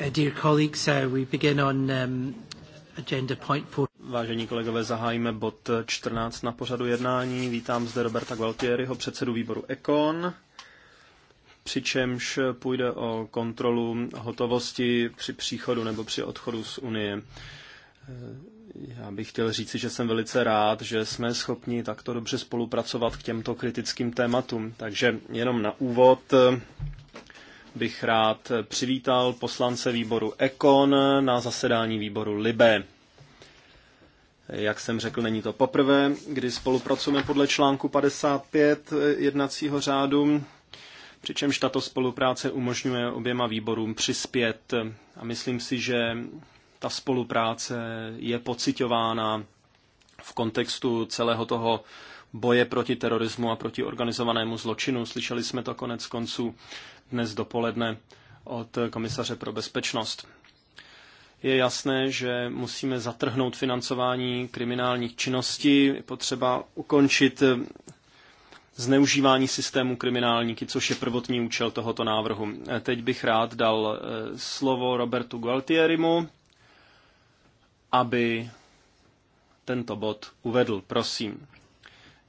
Uh, dear colleagues, uh, we begin on um, agenda point four. Vážení kolegové, zahájíme bod 14 na pořadu jednání. Vítám zde Roberta Gualtieriho, předsedu výboru Econ, přičemž půjde o kontrolu hotovosti při příchodu nebo při odchodu z Unie. Eh, já bych chtěl říci, že jsem velice rád, že jsme schopni takto dobře spolupracovat k těmto kritickým tématům. Takže jenom na úvod bych rád přivítal poslance výboru Ekon na zasedání výboru Libe. Jak jsem řekl, není to poprvé, kdy spolupracujeme podle článku 55 jednacího řádu, přičemž tato spolupráce umožňuje oběma výborům přispět a myslím si, že ta spolupráce je pocitována v kontextu celého toho boje proti terorismu a proti organizovanému zločinu. Slyšeli jsme to konec konců dnes dopoledne od komisaře pro bezpečnost. Je jasné, že musíme zatrhnout financování kriminálních činností, je potřeba ukončit zneužívání systému kriminálníky, což je prvotní účel tohoto návrhu. Teď bych rád dal eh, slovo Robertu Gualtierimu, aby tento bod uvedl. Prosím.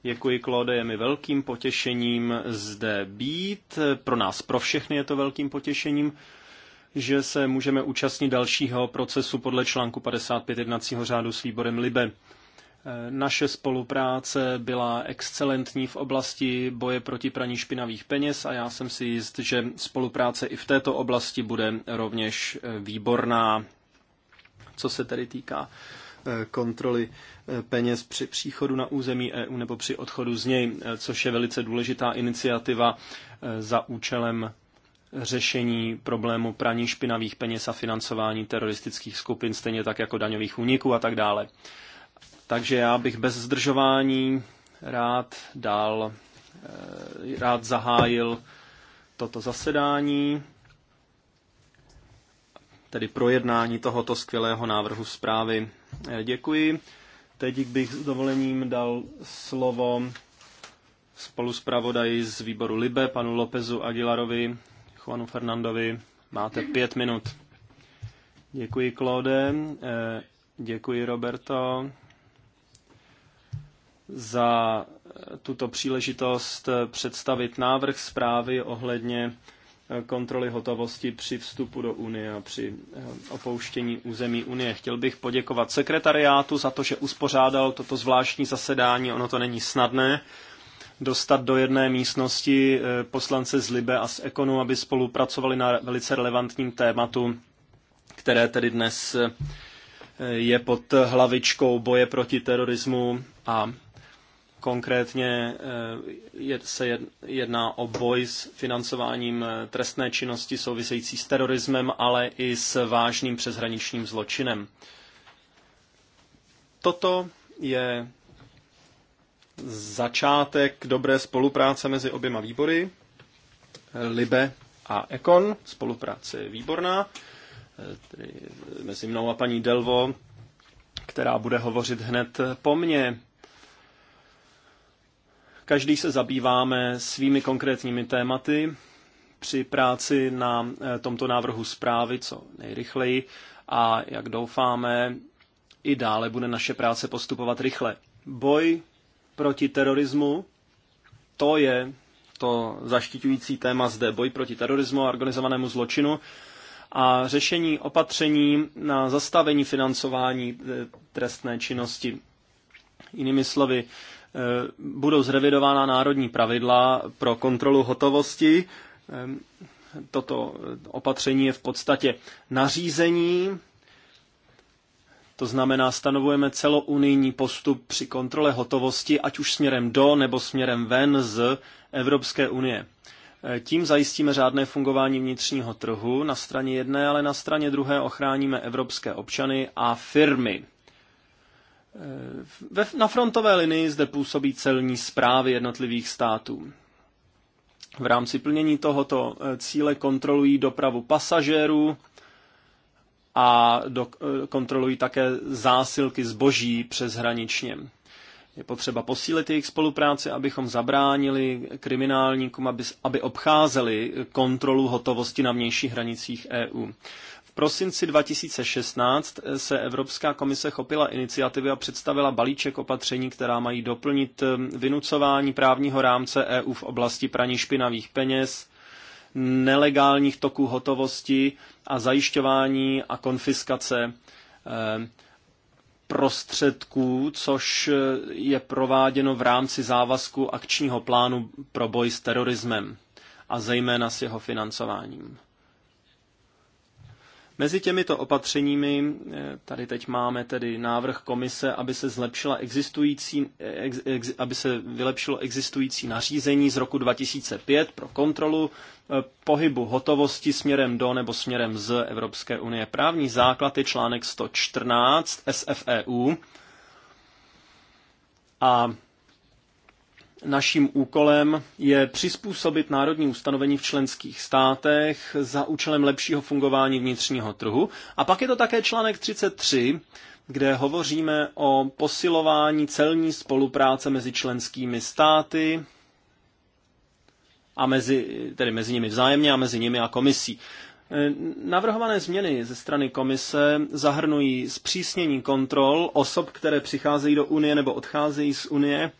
Děkuji, Klode, je mi velkým potěšením zde být. Pro nás, pro všechny je to velkým potěšením, že se můžeme účastnit dalšího procesu podle článku 55 jednacího řádu s výborem Libe. Naše spolupráce byla excelentní v oblasti boje proti praní špinavých peněz a já jsem si jist, že spolupráce i v této oblasti bude rovněž výborná, co se tedy týká Eh, kontroly eh, peněz při příchodu na území EU nebo při odchodu z něj, eh, což je velice důležitá iniciativa za účelem řešení problému praní špinavých peněz a financování teroristických skupin, stejně tak jako daňových úniků a tak dále. Takže já bych bez zdržování rád dal, rád zahájil toto zasedání tedy projednání tohoto skvělého návrhu zprávy. Eh, děkuji. Teď bych s dovolením dal slovo spolu zpravodaji z výboru Libe, panu Lopezu Aguilarovi, Juanu Fernandovi. Máte pět minut. Děkuji, Claude. Eh, děkuji, Roberto, za eh, tuto příležitost představit návrh zprávy ohledně kontroly hotovosti při vstupu do Unie a při eh, opouštění území Unie. Chtěl bych poděkovat sekretariátu za to, že uspořádal toto zvláštní zasedání. Ono to není snadné dostat do jedné místnosti eh, poslance z Libe a z Ekonu, aby spolupracovali na velice relevantním tématu, které tedy dnes eh, je pod hlavičkou boje proti terorismu a Konkrétně eh, se jedná o boj s financováním eh, trestné činnosti související s terorismem, ale i s vážným přeshraničním zločinem. Toto je začátek dobré spolupráce mezi oběma výbory, eh, Libe a Ekon. Spolupráce je výborná, tedy mezi mnou a paní Delvo, která bude hovořit hned po mně Každý se zabýváme svými konkrétními tématy při práci na eh, tomto návrhu zprávy co nejrychleji a jak doufáme, i dále bude naše práce postupovat rychle. Boj proti terorismu, to je to zaštiťující téma zde, boj proti terorismu a organizovanému zločinu a řešení opatření na zastavení financování eh, trestné činnosti. Jinými slovy, Eh, budou zrevidována národní pravidla pro kontrolu hotovosti. Eh, toto opatření je v podstatě nařízení, to znamená, stanovujeme celounijní postup při kontrole hotovosti, ať už směrem do nebo směrem ven z Evropské unie. Eh, tím zajistíme řádné fungování vnitřního trhu na straně jedné, ale na straně druhé ochráníme evropské občany a firmy Eh, na frontové linii zde působí celní zprávy jednotlivých států. V rámci plnění tohoto eh, cíle kontrolují dopravu pasažérů a do, eh, kontrolují také zásilky zboží přes hraničně. Je potřeba posílit jejich spolupráci, abychom zabránili kriminálníkům, aby, aby obcházeli kontrolu hotovosti na vnějších hranicích EU prosinci 2016 eh, se Evropská komise chopila iniciativy a představila balíček opatření, která mají doplnit eh, vynucování právního rámce EU v oblasti praní špinavých peněz, nelegálních toků hotovosti a zajišťování a konfiskace eh, prostředků, což je prováděno v rámci závazku akčního plánu pro boj s terorismem a zejména s jeho financováním. Mezi těmito opatřeními eh, tady teď máme tedy návrh komise, aby se zlepšila existující, ex, ex, aby se vylepšilo existující nařízení z roku 2005 pro kontrolu eh, pohybu hotovosti směrem do nebo směrem z Evropské unie. Právní základ je článek 114 SFEU a Naším úkolem je přizpůsobit národní ustanovení v členských státech za účelem lepšího fungování vnitřního trhu. A pak je to také článek 33, kde hovoříme o posilování celní spolupráce mezi členskými státy a mezi, tedy mezi nimi vzájemně a mezi nimi a komisí. Navrhované změny ze strany komise zahrnují zpřísnění kontrol osob, které přicházejí do Unie nebo odcházejí z Unie,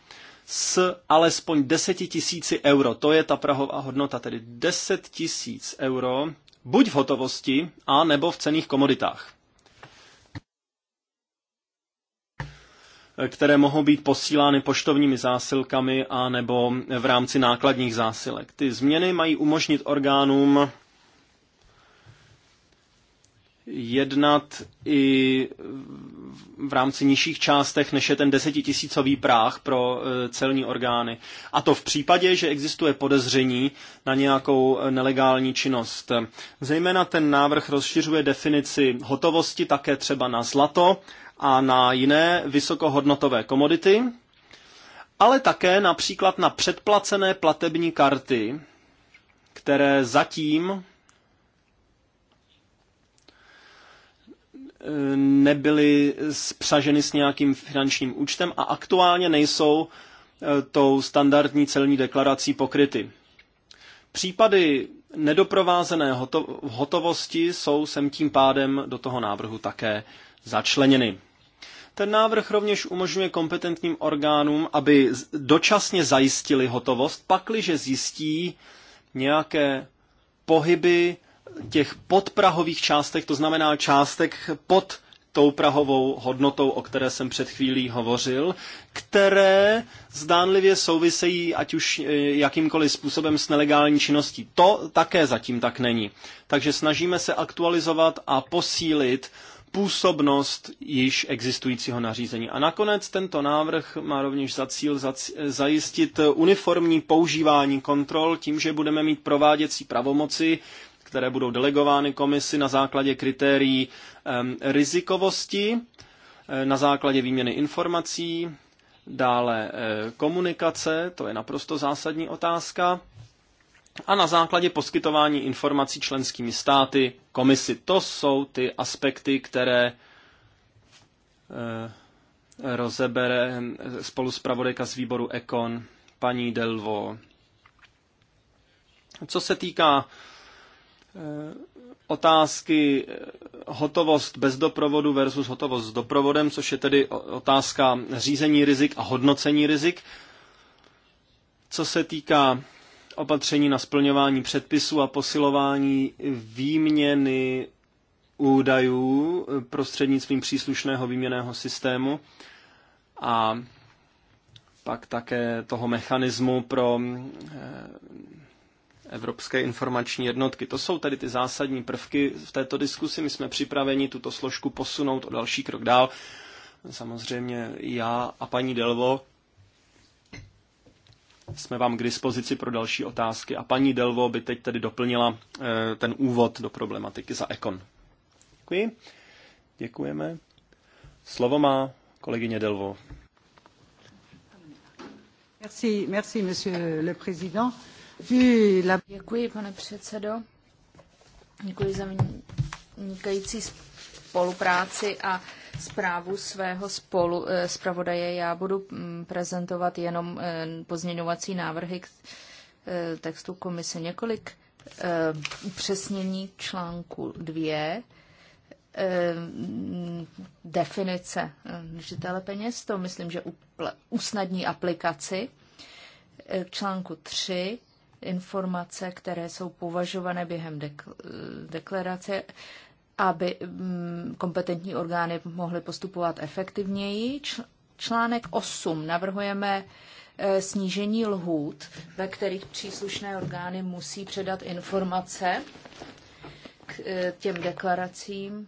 s alespoň 10 tisíci euro. To je ta prahová hodnota, tedy 10 tisíc euro, buď v hotovosti, a nebo v cených komoditách. které mohou být posílány poštovními zásilkami a nebo v rámci nákladních zásilek. Ty změny mají umožnit orgánům jednat i v rámci nižších částech, než je ten desetitisícový práh pro e, celní orgány. A to v případě, že existuje podezření na nějakou e, nelegální činnost. Zejména ten návrh rozšiřuje definici hotovosti také třeba na zlato a na jiné vysokohodnotové komodity, ale také například na předplacené platební karty, které zatím nebyly spřaženy s nějakým finančním účtem a aktuálně nejsou e, tou standardní celní deklarací pokryty. Případy nedoprovázené hotovosti jsou sem tím pádem do toho návrhu také začleněny. Ten návrh rovněž umožňuje kompetentním orgánům, aby dočasně zajistili hotovost, pakliže zjistí nějaké pohyby těch podprahových částek, to znamená částek pod tou prahovou hodnotou, o které jsem před chvílí hovořil, které zdánlivě souvisejí ať už eh, jakýmkoliv způsobem s nelegální činností. To také zatím tak není. Takže snažíme se aktualizovat a posílit působnost již existujícího nařízení. A nakonec tento návrh má rovněž za cíl zajistit uniformní používání kontrol tím, že budeme mít prováděcí pravomoci které budou delegovány komisi na základě kritérií rizikovosti, eh, na základě výměny informací, dále eh, komunikace, to je naprosto zásadní otázka, a na základě poskytování informací členskými státy komisi. To jsou ty aspekty, které eh, rozebere spolu s z výboru Ekon paní Delvo. Co se týká Eh, otázky eh, hotovost bez doprovodu versus hotovost s doprovodem, což je tedy otázka řízení rizik a hodnocení rizik. Co se týká opatření na splňování předpisů a posilování výměny údajů eh, prostřednictvím příslušného výměného systému a pak také toho mechanismu pro Evropské informační jednotky. To jsou tedy ty zásadní prvky v této diskusi. My jsme připraveni tuto složku posunout o další krok dál. Samozřejmě já a paní Delvo jsme vám k dispozici pro další otázky a paní Delvo by teď tedy doplnila eh, ten úvod do problematiky za Ekon. Děkuji. Děkujeme. Slovo má kolegyně Delvo. Merci, merci, monsieur le président. Děkuji, pane předsedo. Děkuji za vynikající spolupráci a zprávu svého spolu eh, zpravodaje. Já budu mm, prezentovat jenom eh, pozměňovací návrhy k eh, textu komise. Několik upřesnění článku 2 definice držitele peněz, to myslím, že usnadní aplikaci. K článku 3 informace, které jsou považované během deklarace, aby mm, kompetentní orgány mohly postupovat efektivněji. Článek 8 navrhujeme e, snížení lhůt, ve kterých příslušné orgány musí předat informace k e, těm deklaracím,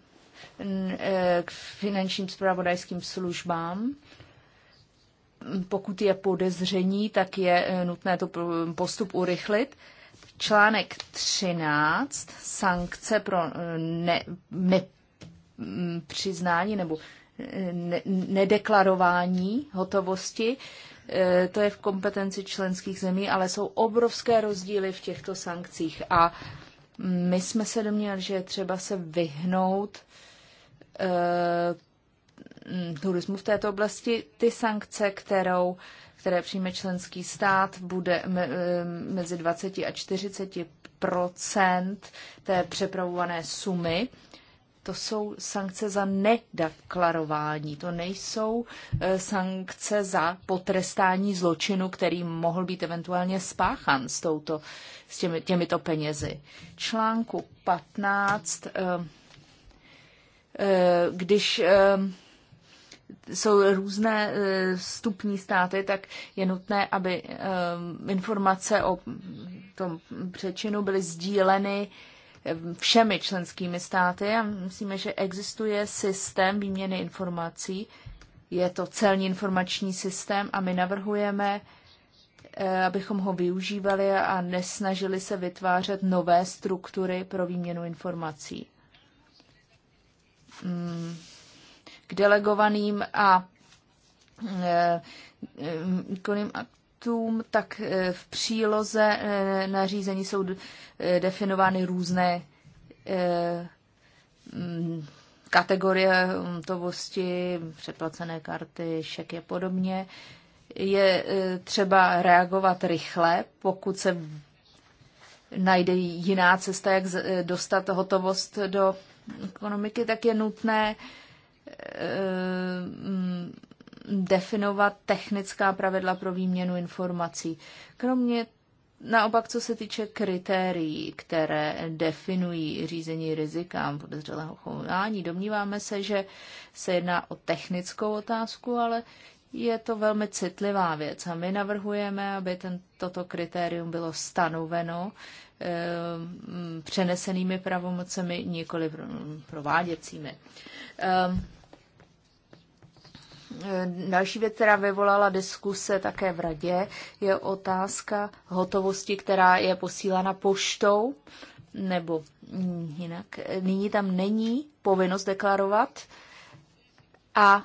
e, k finančním spravodajským službám pokud je podezření, tak je eh, nutné to postup urychlit. Článek 13, sankce pro eh, ne, ne, mm, přiznání nebo eh, ne, nedeklarování hotovosti, to je v kompetenci členských zemí, ale jsou obrovské rozdíly v těchto sankcích. A mm, my jsme se domněli, že je třeba se vyhnout Mm, turismu v této oblasti. Ty sankce, kterou, které přijme členský stát, bude eh, mezi 20 a 40 procent té přepravované sumy. To jsou sankce za nedeklarování, to nejsou eh, sankce za potrestání zločinu, který mohl být eventuálně spáchan s, touto, s těmi, těmito penězi. Článku 15 eh, když jsou různé eh, vstupní státy, tak je nutné, aby eh, informace o tom přečinu byly sdíleny eh, všemi členskými státy a myslíme, že existuje systém výměny informací. Je to celní informační systém a my navrhujeme, abychom ho využívali a nesnažili se vytvářet nové struktury pro výměnu informací. Hmm k delegovaným a e, e, výkonným aktům, tak e, v příloze nařízení jsou definovány různé kategorie hotovosti, předplacené karty, šeky a podobně. Je třeba reagovat rychle, pokud se najde jiná cesta, jak dostat hotovost do ekonomiky, tak je nutné eh, Eh, definovat technická pravidla pro výměnu informací. Kromě naopak, co se týče kritérií, které definují řízení rizikám podezřelého chování, domníváme se, že se jedná o technickou otázku, ale je to velmi citlivá věc a my navrhujeme, aby ten, toto kritérium bylo stanoveno e, přenesenými pravomocemi, nikoli prováděcími. E, Další věc, která vyvolala diskuse také v radě, je otázka hotovosti, která je posílána poštou nebo jinak. Nyní tam není povinnost deklarovat a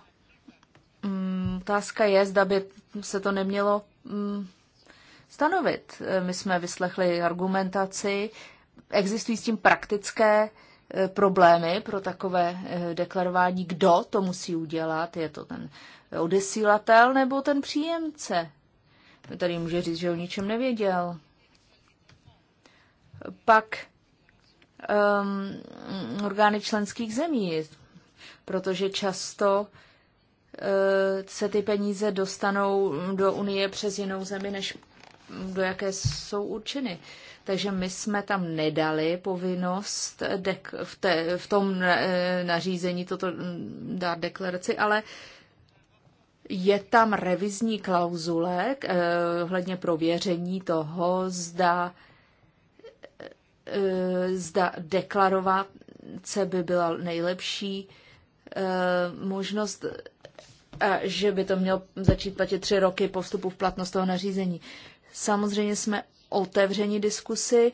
Mm, otázka je, zda by se to nemělo mm, stanovit. Eh, my jsme vyslechli argumentaci, existují s tím praktické eh, problémy pro takové eh, deklarování, kdo to musí udělat, je to ten odesílatel nebo ten příjemce, který může říct, že o ničem nevěděl. Pak um, orgány členských zemí, protože často Eh, se ty peníze dostanou do Unie přes jinou zemi, než do jaké jsou určeny. Takže my jsme tam nedali povinnost dek- v, te- v tom eh, nařízení toto mm, dát deklaraci, ale je tam revizní klauzulek eh, ohledně prověření toho, zda, eh, zda se by byla nejlepší eh, možnost že by to mělo začít platit tři roky po vstupu v platnost toho nařízení. Samozřejmě jsme otevřeni diskusy.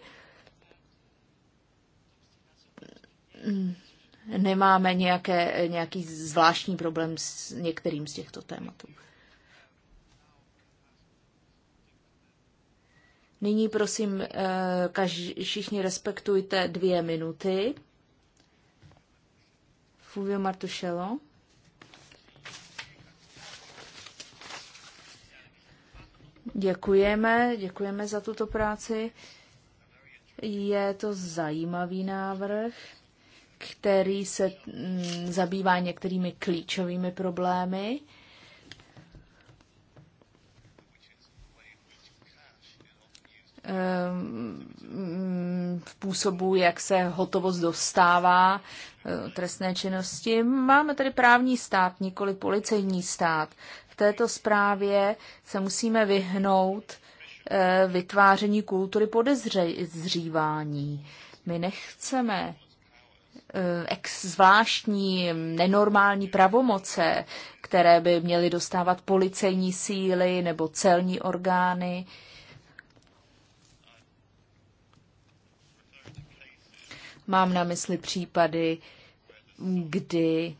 Nemáme nějaké, nějaký zvláštní problém s některým z těchto tématů. Nyní prosím, eh, každý, všichni respektujte dvě minuty. Fulvio Martušelo. Děkujeme, děkujeme za tuto práci. Je to zajímavý návrh, který se mm, zabývá některými klíčovými problémy. v ehm, způsobu, jak se hotovost dostává eh, trestné činnosti. Máme tady právní stát, nikoli policejní stát této zprávě se musíme vyhnout eh, vytváření kultury podezřívání. My nechceme eh, ex zvláštní nenormální pravomoce, které by měly dostávat policejní síly nebo celní orgány. Mám na mysli případy, kdy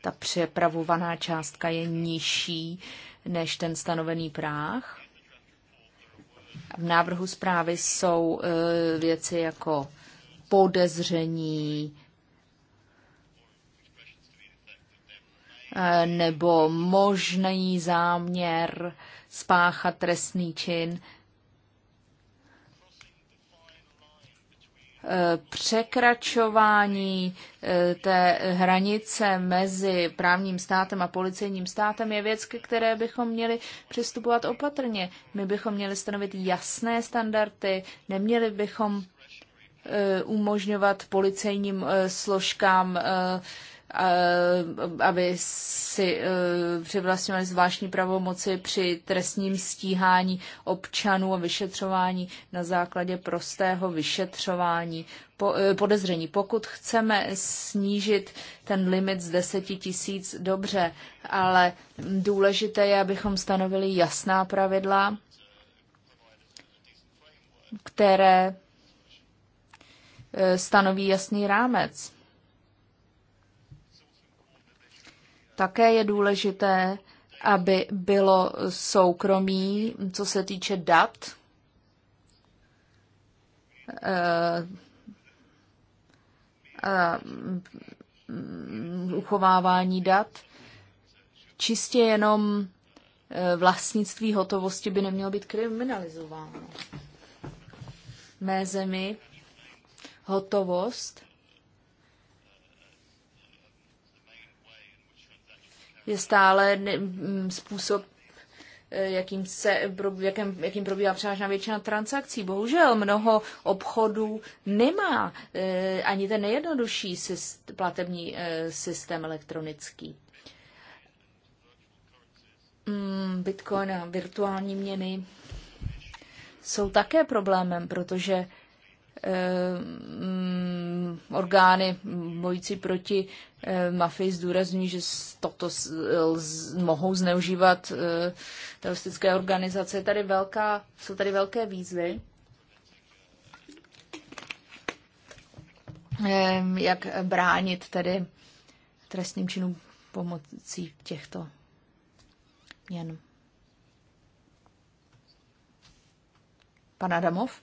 ta přepravovaná částka je nižší než ten stanovený práh. V návrhu zprávy jsou e, věci jako podezření e, nebo možný záměr spáchat trestný čin překračování e, té hranice mezi právním státem a policejním státem je věc, ke které bychom měli přistupovat opatrně. My bychom měli stanovit jasné standardy, neměli bychom e, umožňovat policejním e, složkám Eh, aby si eh, přivlastňovali zvláštní pravomoci při trestním stíhání občanů a vyšetřování na základě prostého vyšetřování eh, podezření. Pokud chceme snížit ten limit z 10 tisíc, dobře, ale důležité je, abychom stanovili jasná pravidla, které stanoví jasný rámec Také je důležité, aby bylo soukromí, co se týče dat, eh, eh, uchovávání dat. Čistě jenom eh, vlastnictví hotovosti by nemělo být kriminalizováno. mé zemi hotovost je stále mm, způsob, eh, jakým, se, jakým, jakým probíhá převážná většina transakcí. Bohužel mnoho obchodů nemá eh, ani ten nejjednodušší syst, platební eh, systém elektronický. Mm, Bitcoin a virtuální měny jsou také problémem, protože Eh, mm, orgány bojící proti eh, mafii zdůrazňují, že toto mohou zneužívat eh, teroristické organizace. Je tady velká, jsou tady velké výzvy. Ehm, jak bránit tedy trestním činům pomocí těchto měn. Pan Adamov?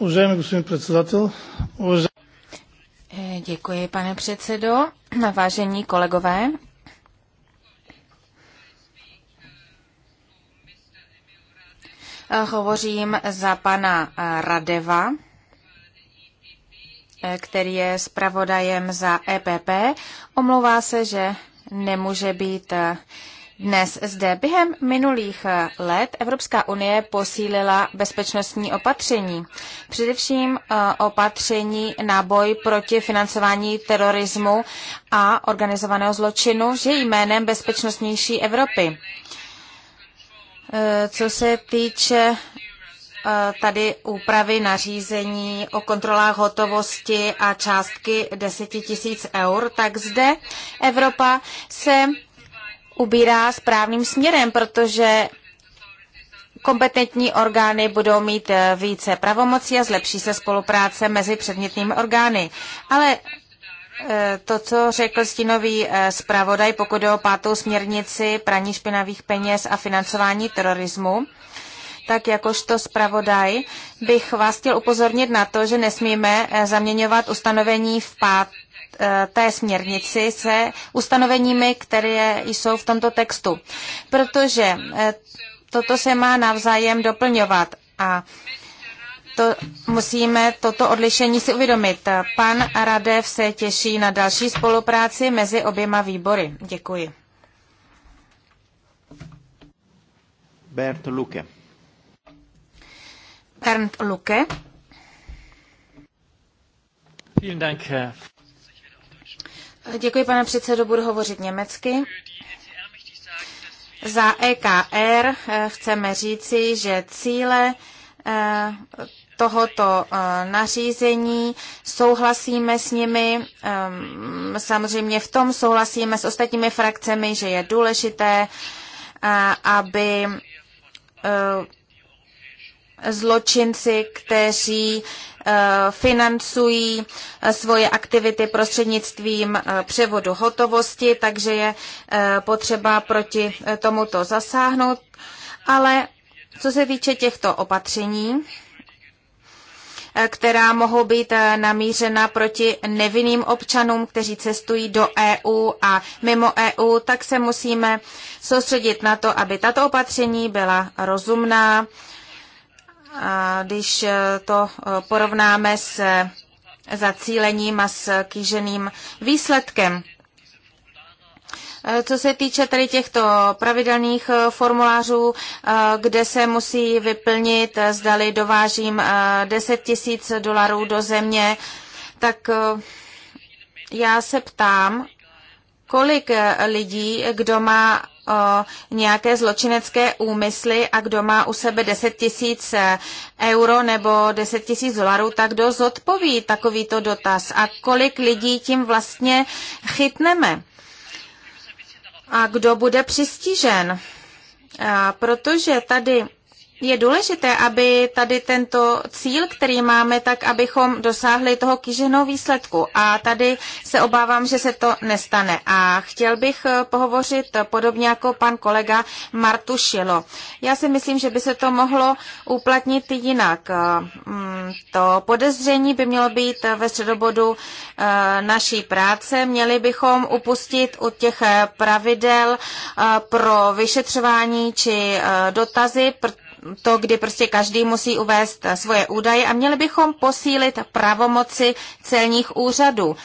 Уважаеми господин председател, уважаеми... Děkuji, pane předsedo. Vážení kolegové, eh, hovořím za pana eh, Radeva, eh, který je zpravodajem za EPP. Omlouvá se, že nemůže být dnes zde. Během minulých let Evropská unie posílila bezpečnostní opatření. Především eh, opatření na boj proti financování terorismu a organizovaného zločinu, že jménem bezpečnostnější Evropy. Eh, co se týče eh, tady úpravy nařízení o kontrolách hotovosti a částky 10 000 eur, tak zde Evropa se ubírá správným směrem, protože kompetentní orgány budou mít eh, více pravomocí a zlepší se spolupráce mezi předmětnými orgány. Ale eh, to, co řekl stínový eh, zpravodaj, pokud jde o pátou směrnici praní špinavých peněz a financování terorismu, tak jakožto zpravodaj bych vás chtěl upozornit na to, že nesmíme zaměňovat ustanovení v pát, Eh, té směrnici se ustanoveními, které jsou v tomto textu, protože eh, toto se má navzájem doplňovat a to, musíme toto odlišení si uvědomit. Pan Radev se těší na další spolupráci mezi oběma výbory. Děkuji. Bernd Luke. Bernd Luke. Vielen Dank, Herr Děkuji, pane předsedo, budu hovořit německy. Za EKR eh, chceme říci, že cíle eh, tohoto eh, nařízení, souhlasíme s nimi, ehm, samozřejmě v tom souhlasíme s ostatními frakcemi, že je důležité, aby zločinci, kteří eh, financují eh, svoje aktivity prostřednictvím eh, převodu hotovosti, takže je potřeba proti tomuto zasáhnout. Ale co se týče těchto opatření, která mohou být namířena proti nevinným občanům, kteří cestují do EU a mimo EU, tak se musíme soustředit na to, aby tato opatření byla rozumná, a když eh, to eh, porovnáme s eh, zacílením a s kýženým výsledkem. Co se týče tady těchto pravidelných formulářů, kde se musí vyplnit, zdali dovážím 10 tisíc dolarů do země, tak já se ptám, kolik lidí, kdo má nějaké zločinecké úmysly a kdo má u sebe 10 tisíc eh, euro nebo 10 tisíc dolarů, tak kdo zodpoví takovýto dotaz a kolik lidí tím vlastně chytneme a kdo bude přistižen. A protože tady je důležité, aby tady tento cíl, který máme, tak abychom dosáhli toho kýženého výsledku. A tady se obávám, že se to nestane. A chtěl bych eh, pohovořit podobně jako pan kolega Martušilo. Já si myslím, že by se to mohlo uplatnit jinak. Eh, mm, to podezření by mělo být ve středobodu eh, naší práce. Měli bychom upustit od těch pravidel pro vyšetřování či dotazy, protože to, kdy prostě každý musí uvést svoje údaje a měli bychom posílit pravomoci celních úřadů,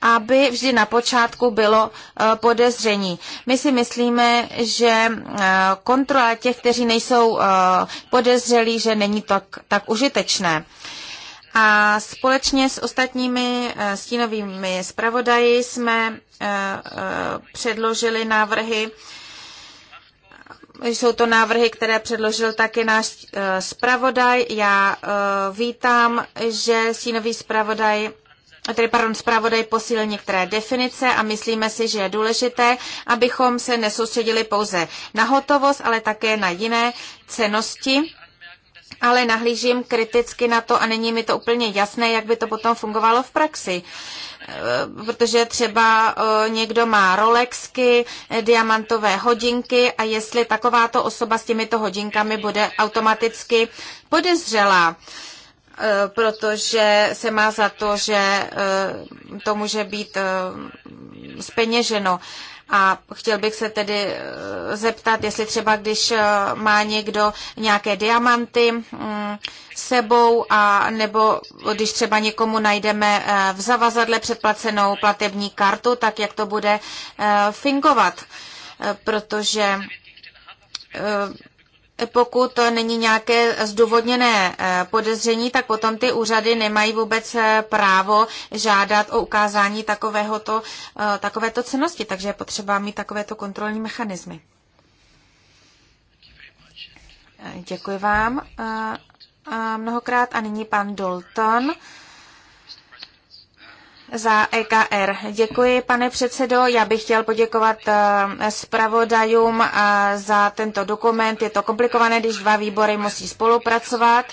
aby vždy na počátku bylo eh, podezření. My si myslíme, že eh, kontrola těch, kteří nejsou eh, podezřelí, že není tak, tak užitečné. A společně s ostatními stínovými zpravodaji jsme předložili návrhy jsou to návrhy, které předložil taky náš eh, zpravodaj. Já eh, vítám, že sínový zpravodaj tedy pardon, zpravodaj posílil některé definice a myslíme si, že je důležité, abychom se nesoustředili pouze na hotovost, ale také na jiné cenosti ale nahlížím kriticky na to a není mi to úplně jasné, jak by to potom fungovalo v praxi. E, protože třeba e, někdo má Rolexky, e, diamantové hodinky a jestli takováto osoba s těmito hodinkami bude automaticky podezřelá protože se má za to, že to může být speněženo. A chtěl bych se tedy eh, zeptat, jestli třeba když eh, má někdo nějaké diamanty mm, sebou a nebo když třeba někomu najdeme eh, v zavazadle předplacenou platební kartu, tak jak to bude fingovat, protože pokud to není nějaké zdůvodněné eh, podezření, tak potom ty úřady nemají vůbec eh, právo žádat o ukázání takovéhoto, eh, takovéto cenosti, takže je potřeba mít takovéto kontrolní mechanismy. Děkuji vám mnohokrát a nyní pan Dalton za EKR. Děkuji, pane předsedo. Já bych chtěl poděkovat eh, zpravodajům eh, za tento dokument. Je to komplikované, když dva výbory musí spolupracovat.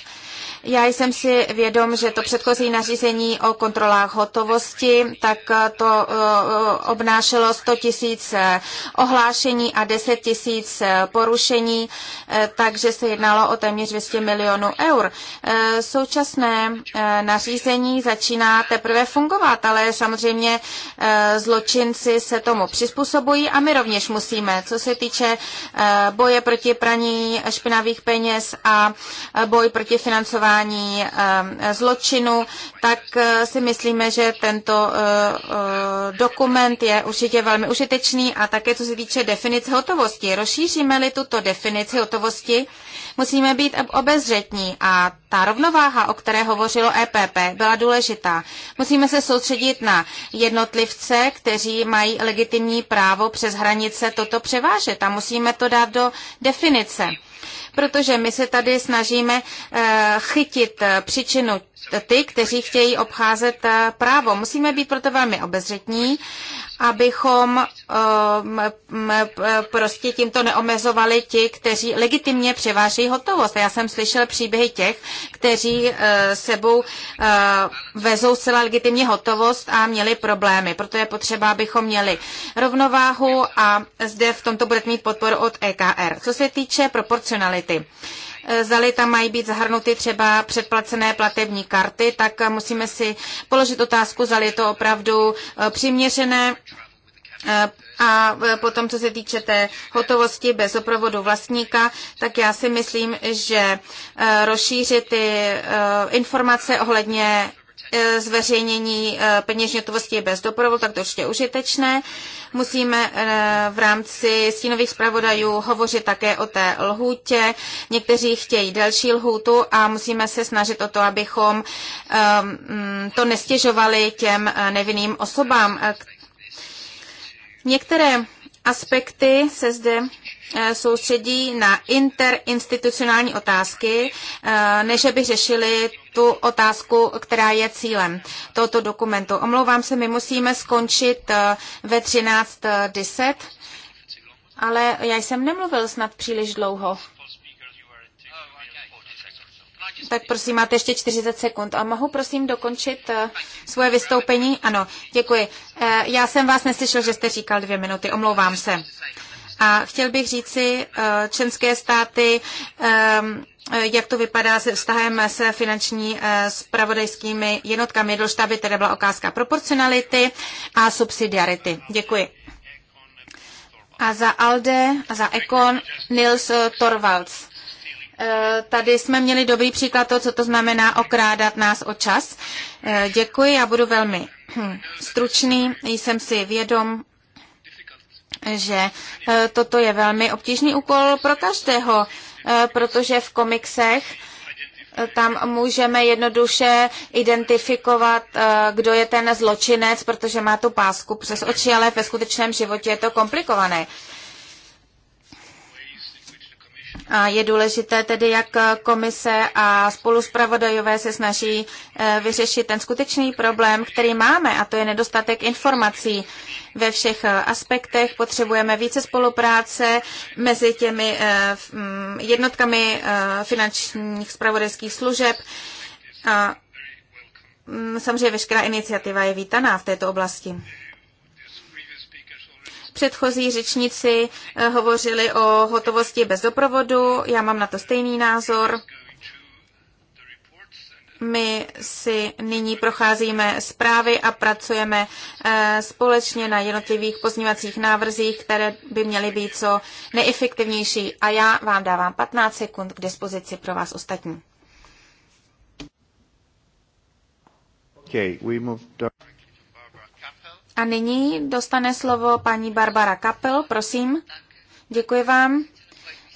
Já jsem si vědom, že to předchozí nařízení o kontrolách hotovosti, tak eh, to eh, obnášelo 100 tisíc eh, ohlášení a 10 tisíc porušení, takže se jednalo o téměř 200 milionů eur. Současné nařízení začíná teprve fungovat, ale samozřejmě zločinci se tomu přizpůsobují a my rovněž musíme. Co se týče boje proti praní špinavých peněz a boj proti financování vyšetřování eh, zločinu, tak eh, si myslíme, že tento eh, dokument je určitě velmi užitečný a také co se týče definice hotovosti. Rozšíříme-li tuto definici hotovosti, musíme být obezřetní a ta rovnováha, o které hovořilo EPP, byla důležitá. Musíme se soustředit na jednotlivce, kteří mají legitimní právo přes hranice toto převážet a musíme to dát do definice protože my se tady snažíme eh, chytit eh, příčinu ty, kteří chtějí obcházet eh, právo. Musíme být proto velmi obezřetní abychom ehm, prostě tímto neomezovali ti, kteří legitimně převáží hotovost. Já jsem slyšel příběhy těch, kteří eh, sebou eh, vezou zcela legitimně hotovost a měli problémy. Proto je potřeba, abychom měli rovnováhu a zde v tomto budete mít podporu od EKR. Co se týče proporcionality, Eh, zali tam mají být zahrnuty třeba předplacené platební karty, tak eh, musíme si položit otázku, zali je to opravdu eh, přiměřené a potom, co se týče té hotovosti bez oprovodu vlastníka, tak já si myslím, že rozšířit ty informace ohledně E, zveřejnění e, peněžní hotovosti bez doprovodu, tak to určitě užitečné. Musíme e, v rámci stínových zpravodajů hovořit také o té lhůtě. Někteří chtějí delší lhůtu a musíme se snažit o to, abychom mm, to nestěžovali těm nevinným osobám. Některé aspekty se zde Eh, soustředí na interinstitucionální otázky, eh, než by řešili tu otázku, která je cílem tohoto dokumentu. Omlouvám se, my musíme skončit eh, ve 13.10, ale já jsem nemluvil snad příliš dlouho. Tak prosím, máte ještě 40 sekund. A mohu prosím dokončit svoje vystoupení? Ano, děkuji. Já jsem vás neslyšel, že jste říkal dvě minuty. Omlouvám se. A chtěl bych říci, eh, členské státy eh, jak to vypadá se vztahem s finanční eh, spravodajskými jednotkami Jedlštáby, tedy byla okázka proporcionality a subsidiarity. Děkuji. A za ALDE a za Econ, Nils Torvalds. Tady jsme měli dobrý příklad toho, co to znamená okrádat nás o čas. Děkuji, já budu velmi hm, stručný. Jsem si vědom že e, toto je velmi obtížný úkol pro každého, e, protože v komiksech e, tam můžeme jednoduše identifikovat, kdo je ten zločinec, protože má tu pásku přes oči, ale ve skutečném životě je to komplikované je důležité tedy, jak komise a spoluspravodajové se snaží eh, vyřešit ten skutečný problém, který máme, a to je nedostatek informací ve všech eh, aspektech. Potřebujeme více spolupráce mezi těmi eh, mm, jednotkami finančních spravodajských služeb. A mm, samozřejmě veškerá iniciativa je vítaná v této oblasti. Předchozí řečníci eh, hovořili o hotovosti bez doprovodu, já mám na to stejný názor. My si nyní procházíme zprávy a pracujeme eh, společně na jednotlivých pozměňovacích návrzích, které by měly být co neefektivnější. A já vám dávám 15 sekund k dispozici pro vás ostatní. Okay, we a nyní dostane slovo paní Barbara Kapel, prosím. Děkuji vám.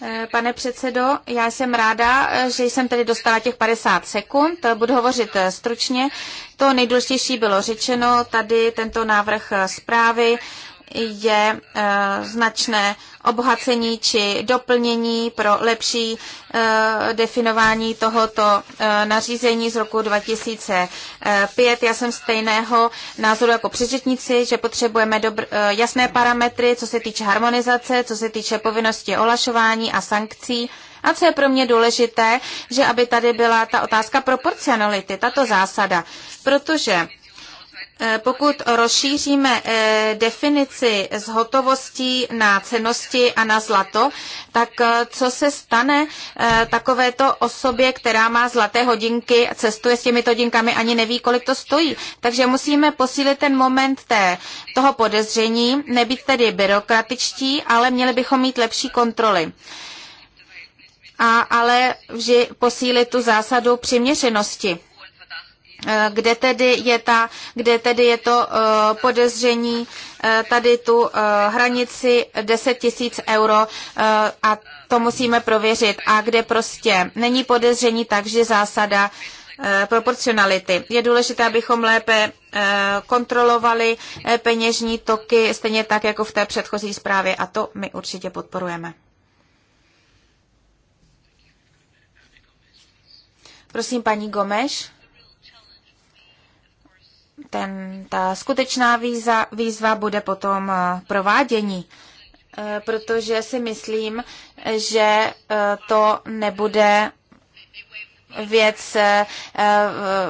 Eh, pane předsedo, já jsem ráda, eh, že jsem tedy dostala těch 50 sekund. Budu hovořit eh, stručně. To nejdůležitější bylo řečeno. Tady tento návrh zprávy je eh, značné obohacení či doplnění pro lepší eh, definování tohoto eh, nařízení z roku 2005. Já jsem stejného názoru jako předřetnici, že potřebujeme dobr, jasné parametry, co se týče harmonizace, co se týče povinnosti olašování a sankcí. A co je pro mě důležité, že aby tady byla ta otázka proporcionality, tato zásada, protože Eh, pokud rozšíříme eh, definici z hotovostí na cenosti a na zlato, tak eh, co se stane takovéto osobě, která má zlaté hodinky, cestuje s těmito hodinkami, ani neví, kolik to stojí. Takže musíme posílit ten moment té, toho podezření, nebýt tedy byrokratičtí, ale měli bychom mít lepší kontroly a ale vždy posílit tu zásadu přiměřenosti. Eh, kde tedy je, ta, kde tedy je to eh, podezření eh, tady tu hranici 10 tisíc euro a to musíme prověřit. A kde prostě není podezření, takže zásada proporcionality. Je důležité, abychom lépe kontrolovali peněžní toky, stejně tak jako v té předchozí zprávě a to my určitě podporujeme. Prosím, paní Gomeš ten, ta skutečná výzva, výzva bude potom eh, provádění, eh, protože si myslím, že eh, to nebude věc eh, eh,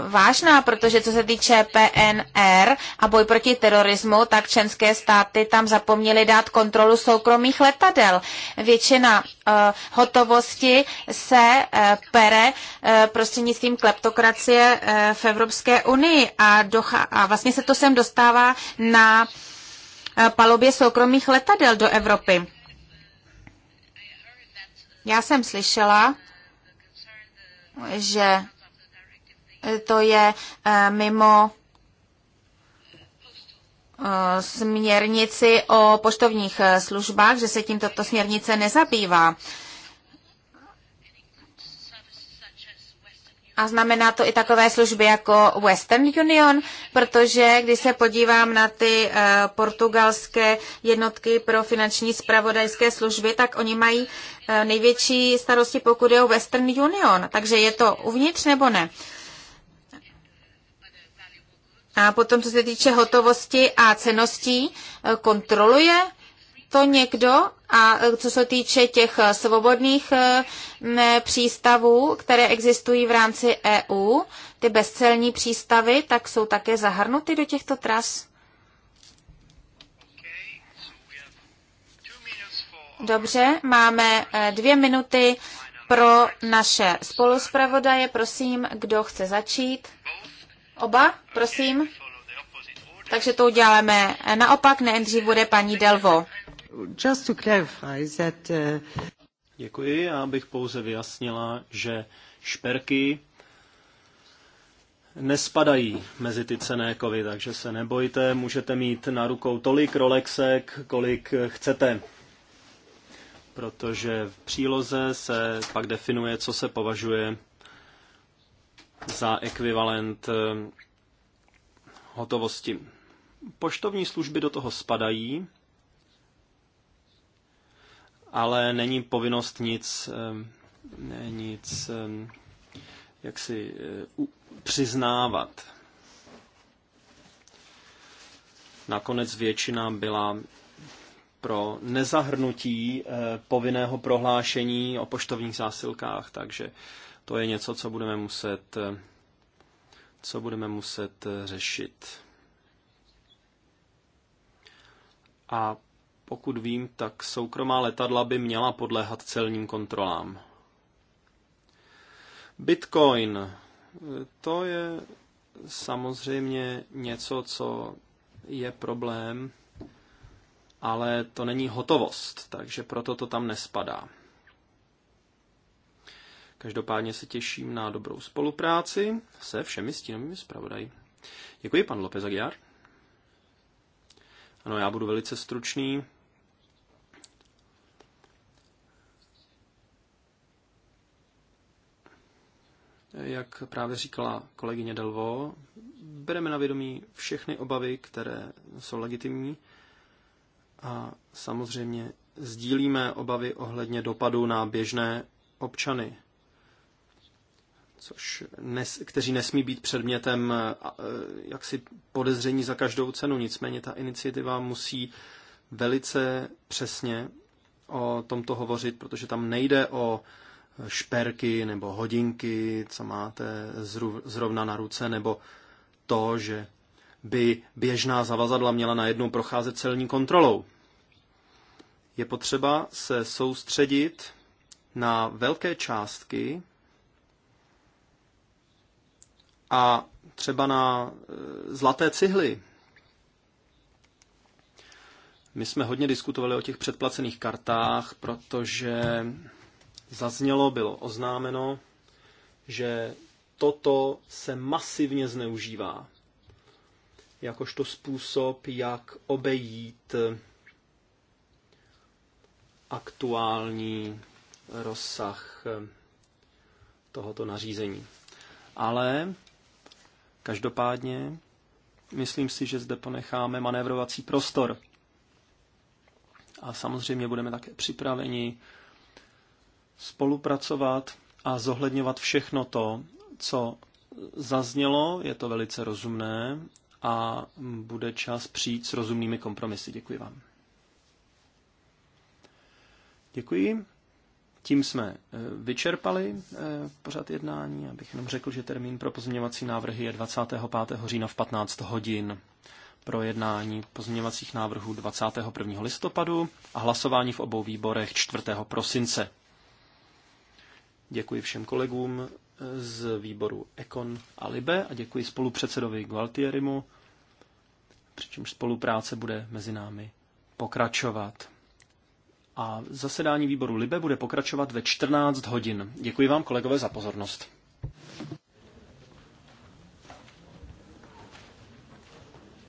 vážná, protože co se týče PNR a boj proti terorismu, tak členské státy tam zapomněly dát kontrolu soukromých letadel. Většina eh, hotovosti se pere prostřednictvím kleptokracie v Evropské unii a, docha- a vlastně se to sem dostává na palubě soukromých letadel do Evropy. Já jsem slyšela, že to je eh, mimo eh, směrnici o poštovních eh, službách, že se tím toto směrnice nezabývá. A znamená to i takové služby jako Western Union, protože když se podívám na ty eh, portugalské jednotky pro finanční spravodajské služby, tak oni mají eh, největší starosti, pokud je o Western Union. Takže je to uvnitř nebo ne? A potom, co se týče hotovosti a ceností, eh, kontroluje to někdo a e, co se týče těch e, svobodných e, přístavů, které existují v rámci EU, ty bezcelní přístavy, tak jsou také zahrnuty do těchto tras? Dobře, máme dvě minuty pro naše spoluspravodaje. Prosím, kdo chce začít? Oba, prosím. Takže to uděláme naopak, nejdřív bude paní Delvo. Uh, Děkuji, já bych pouze vyjasnila, že šperky nespadají mezi ty cené kovy, takže se nebojte, můžete mít na rukou tolik Rolexek, kolik chcete. Protože v příloze se pak definuje, co se považuje za ekvivalent eh, hotovosti. Poštovní služby do toho spadají, ale není povinnost nic, nic jak si eh, přiznávat. Nakonec většina byla pro nezahrnutí eh, povinného prohlášení o poštovních zásilkách, takže to je něco, co budeme muset, eh, co budeme muset řešit. A pokud vím, tak soukromá letadla by měla podléhat celním kontrolám. Bitcoin. To je samozřejmě něco, co je problém, ale to není hotovost, takže proto to tam nespadá. Každopádně se těším na dobrou spolupráci se všemi stínovými zpravodaji. Děkuji, pan López Aguiar. Ano, já budu velice stručný. Jak právě říkala kolegyně Delvo, bereme na vědomí všechny obavy, které jsou legitimní a samozřejmě sdílíme obavy ohledně dopadu na běžné občany což nes, kteří nesmí být předmětem jaksi podezření za každou cenu. Nicméně ta iniciativa musí velice přesně o tomto hovořit, protože tam nejde o šperky nebo hodinky, co máte zrovna na ruce, nebo to, že by běžná zavazadla měla najednou procházet celní kontrolou. Je potřeba se soustředit na velké částky, a třeba na e, zlaté cihly. My jsme hodně diskutovali o těch předplacených kartách, protože zaznělo, bylo oznámeno, že toto se masivně zneužívá jakožto způsob, jak obejít aktuální rozsah tohoto nařízení. Ale Každopádně myslím si, že zde ponecháme manévrovací prostor. A samozřejmě budeme také připraveni spolupracovat a zohledňovat všechno to, co zaznělo, je to velice rozumné a bude čas přijít s rozumnými kompromisy. Děkuji vám. Děkuji. Tím jsme eh, vyčerpali eh, pořad jednání. Abych jenom řekl, že termín pro pozměňovací návrhy je 25. října v 15 hodin pro jednání pozměňovacích návrhů 21. listopadu a hlasování v obou výborech 4. prosince. Děkuji všem kolegům eh, z výboru Econ a Libe a děkuji spolupředsedovi Gualtierimu, přičemž spolupráce bude mezi námi pokračovat a zasedání výboru LIBE bude pokračovat ve 14 hodin. Děkuji vám, kolegové, za pozornost.